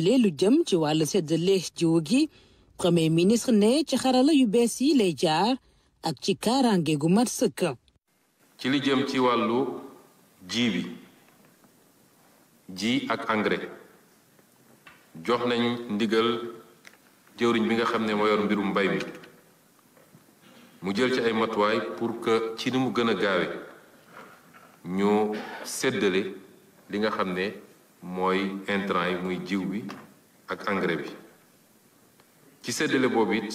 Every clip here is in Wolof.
lu jëm ci wàllu séddale jiw gi premier ministre ne ci xarala yu bees yi lay jaar ak ci kaaraange gu mat sëkk. ci li jëm ci wàllu ji bi ji ak engrais jox nañ ndigal jëwriñ bi nga xam ne moo yor mbirum mbay mi mu jël ci ay matuwaay pour que ci ni mu gën a gaawe ñoo séddale li nga xam ne. mooy intrant yi muy jiw bi ak engrais bi ci séddale boobu it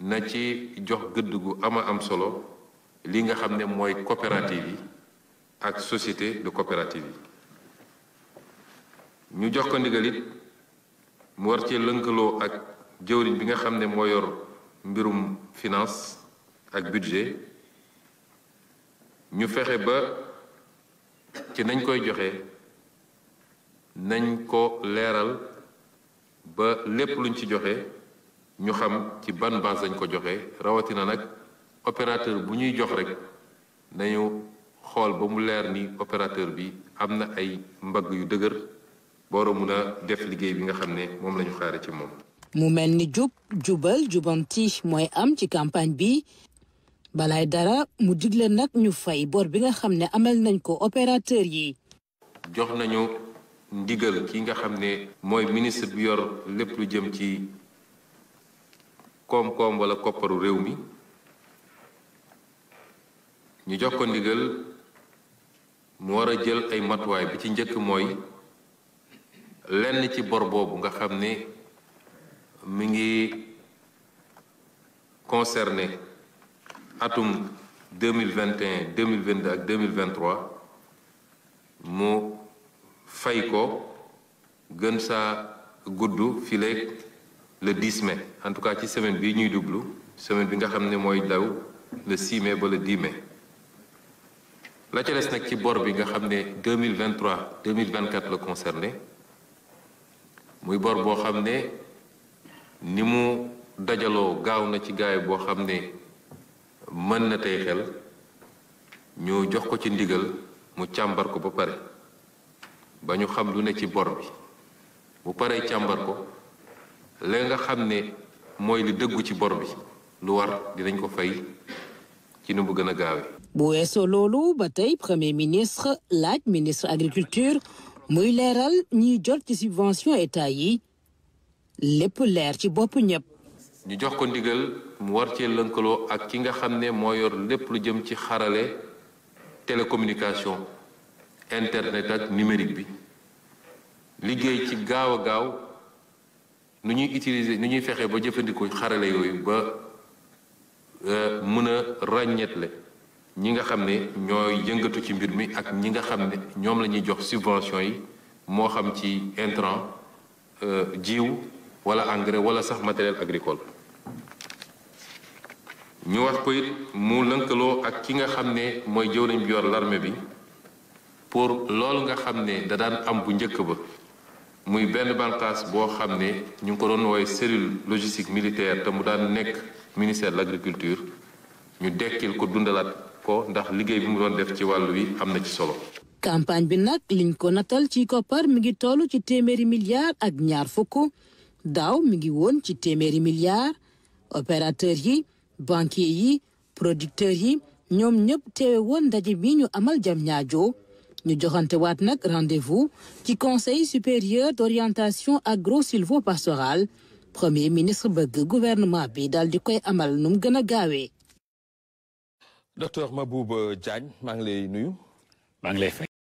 na ci jox gëdd gu ama am solo li nga xam ne mooy coopérative yi ak société de coopérative yi ñu jox ko ndigal mu war ci lënkaloo ak jëwriñ bi nga xam ne moo yor mbirum finance ak budget ñu fexe ba ci nañ koy joxe nañ ko leeral ba lépp luñ ci joxe ñu xam ci ban lañ ko joxe rawatina nag opérateur bu ñuy jox rek nañu xool ba mu leer ni opérateur bi am na ay mbagg yu dëgër booro mun a def liggéey bi nga xam ne moom lañu ñu ci moom mu mel ni jub jubal jubanti mooy am ci campagne bi balaay dara mu digle nag ñu fay bor bi nga xam ne amal nañ ko opérateur yi jox nañu ndigal ki nga xam ne mooy ministre bi yor lépp lu jëm ci koom-koom wala kopparu réew mi ñu jox ko ndigal mu war a jël ay matuwaay bi ci njëkk mooy lenn ci bor boobu nga xam ne mi ngi concerné atum deux mille vingt et un mille vingt deux ak mille vingt trois mu fay ko gën saa gudd fileeg le 10 mais en tout cas ci semaine bii ñuy duglu semaine bi nga xam ne mooy daw le 6 mais ba le 10 mai la ca des nag ci bor bi nga xam ne 2023 2024 la concerné muy bor boo xam ne ni mu dajaloo gaaw na ci gaay boo xam ne mën na tey xel ñu jox ko ci ndigal mu càmbar ko ba pare ba ñu xam lu ne ci bor bi bu paree càmbar ko la nga xam ne mooy lu dëggu ci bor bi lu war dinañ ko fay ci nu mu gën a gaawee. bu weesoo loolu ba tey premier ministre laaj ministre agriculture muy leeral ñiy jot ci subvention état yi lépp leer ci bopp ñëpp. ñu jox ko ndigal mu war cee lënkaloo ak ki nga xam ne moo yor lépp lu jëm ci xarale télécommunication. internet ak numérique bi liggéey ci gaaw a gaaw nu ñuy utiliser ni ñuy fexe ba jëfandikoo xarale yooyu ba euh, mën a ràññetle ñi nga xam ne ñooy yëngatu ci mbir mi ak ñi nga xam ne ñoom la ñuy jox subvention yi moo xam ci intrant euh, jiw wala engrais wala sax matériel agricole ñu wax ko mu lënkaloo ak ki nga xam ne mooy jëwriñ bi yor l'armée bi pour loolu nga xam ne da daan am bu njëkk ba muy benn bànqaas boo xam ne ñu ngi ko doon woowe cellule logistique militaire te mu daan nekk ministère de l'agriculture ñu dekkil ko dundalaat ko ndax liggéey bi mu doon def ci wàllu wi am na ci solo campagne bi nag liñ ko nattal ci koppar mi ngi toll ci téeméeri milliards ak ñaar fukk daaw mi ngi woon ci téeméeri milliards opérateur yi banquier yi producteurs yi ñoom ñëpp teewe woon ndaje bi ñu amal jam ñu joxante waat nag rendez-vous ci conseil supérieur d'orientation agro-sylvo-pastoral premier ministre bëgg gouvernement bi daal di koy amal nu mu gën a gaawee. docteur Mabouba Diagne maa ngi lay nuyu. maa ngi lay fay.